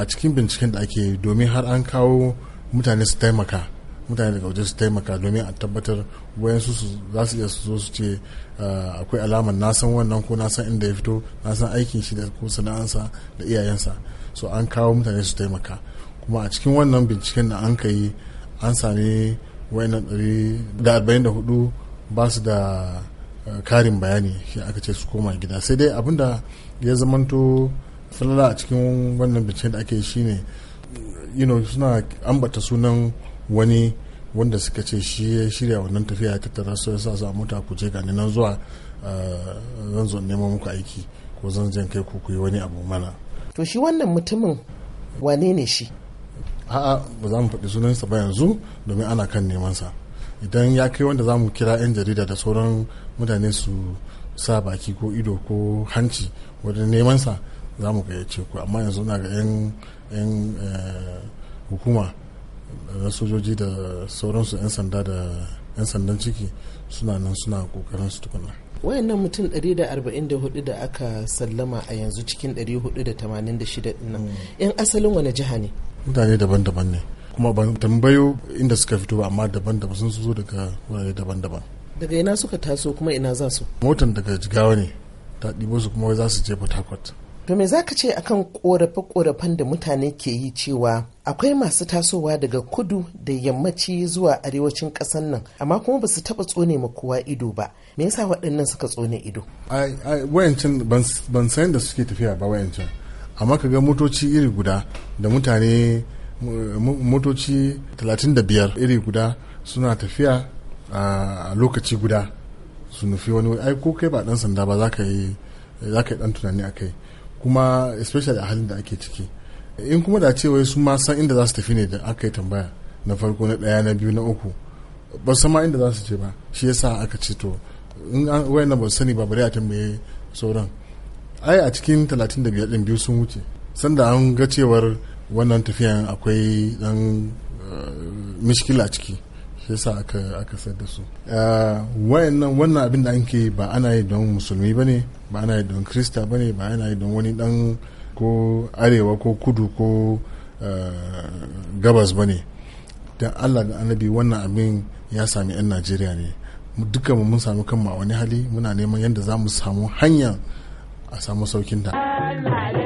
a cikin binciken da ake domin har an kawo mutane su taimaka mutane daga waje su taimaka domin a tabbatar wayansu su za su iya su zo su ce ah, akwai alamar na san wannan ko na san inda ya fito na san aikin shi da ko sana'ansa da iyayensa so an kawo mutane su taimaka kuma a cikin wannan binciken da an kai an sami wayannan hudu ba su da ah, karin bayani shi aka ce su koma gida sai dai abin da ya zamanto salala a cikin wannan bincike da ake shine you suna ambata sunan wani wanda suka ce shi ya shirya wannan tafiya ya tattara su sa su a mota ku je gani nan zuwa eh, zan zo neman muku aiki ko zan jan kai ku ku yi wani abu mana to shi wannan mutumin wane ne shi a'a ba za mu faɗi sunansa ba yanzu domin ana kan neman sa idan ya kai wanda za mu kira 'yan jarida da sauran mutane su sa baki ko ido ko hanci wajen neman sa za mu ce ku amma yanzu na ga 'yan eh, hukuma na sojoji da sauransu 'yan sanda da 'yan sandan ciki suna nan suna kokarin su tukuna wayannan mutum 144 da aka sallama a yanzu cikin 486 nan mm. yan asalin wani jiha ne mutane daban-daban ne kuma ban tambayo inda suka fito ba amma daban-daban sun zo daga wurare daban-daban daga ina suka taso kuma ina za su motan daga jigawa ne ta ɗibo su kuma za su je port harcourt To me zaka ce akan korafe-korafen da mutane ke yi cewa akwai masu tasowa daga kudu da yammaci zuwa arewacin ƙasar nan amma kuma ba su taɓa tsone ma kowa ido ba me yasa waɗannan suka tsone ido wayancin ban san da suke tafiya ba wayancin amma ka ga motoci iri guda da mutane motoci 35 iri guda suna tafiya a lokaci guda su nufi wani ai ko kai ba dan sanda ba za ka yi dan tunani a kai kuma especially a halin da ake ciki in kuma da cewa su ma san inda za su tafi ne da aka yi tambaya na farko na ɗaya na biyu na uku ba san ma inda za su je ba shi yasa aka ce to in wayannan ba su sani ba bari a tambaye sauran ai a cikin 35 din biyu sun wuce sanda an ga cewar wannan tafiyan akwai dan eh, mishkila ciki shi yasa aka aka sayar da su ah, wayannan wannan abin da ke ba ana yi don musulmi bane ba ana yi don krista bane ba ana yi don wani dan ko arewa ko kudu ko ah, gabas bane don Allah da annabi wannan abin ya sami yan Najeriya ne dukkan mun samu kanmu a wani hali muna neman yadda za mu samu hanya a samu saukin ta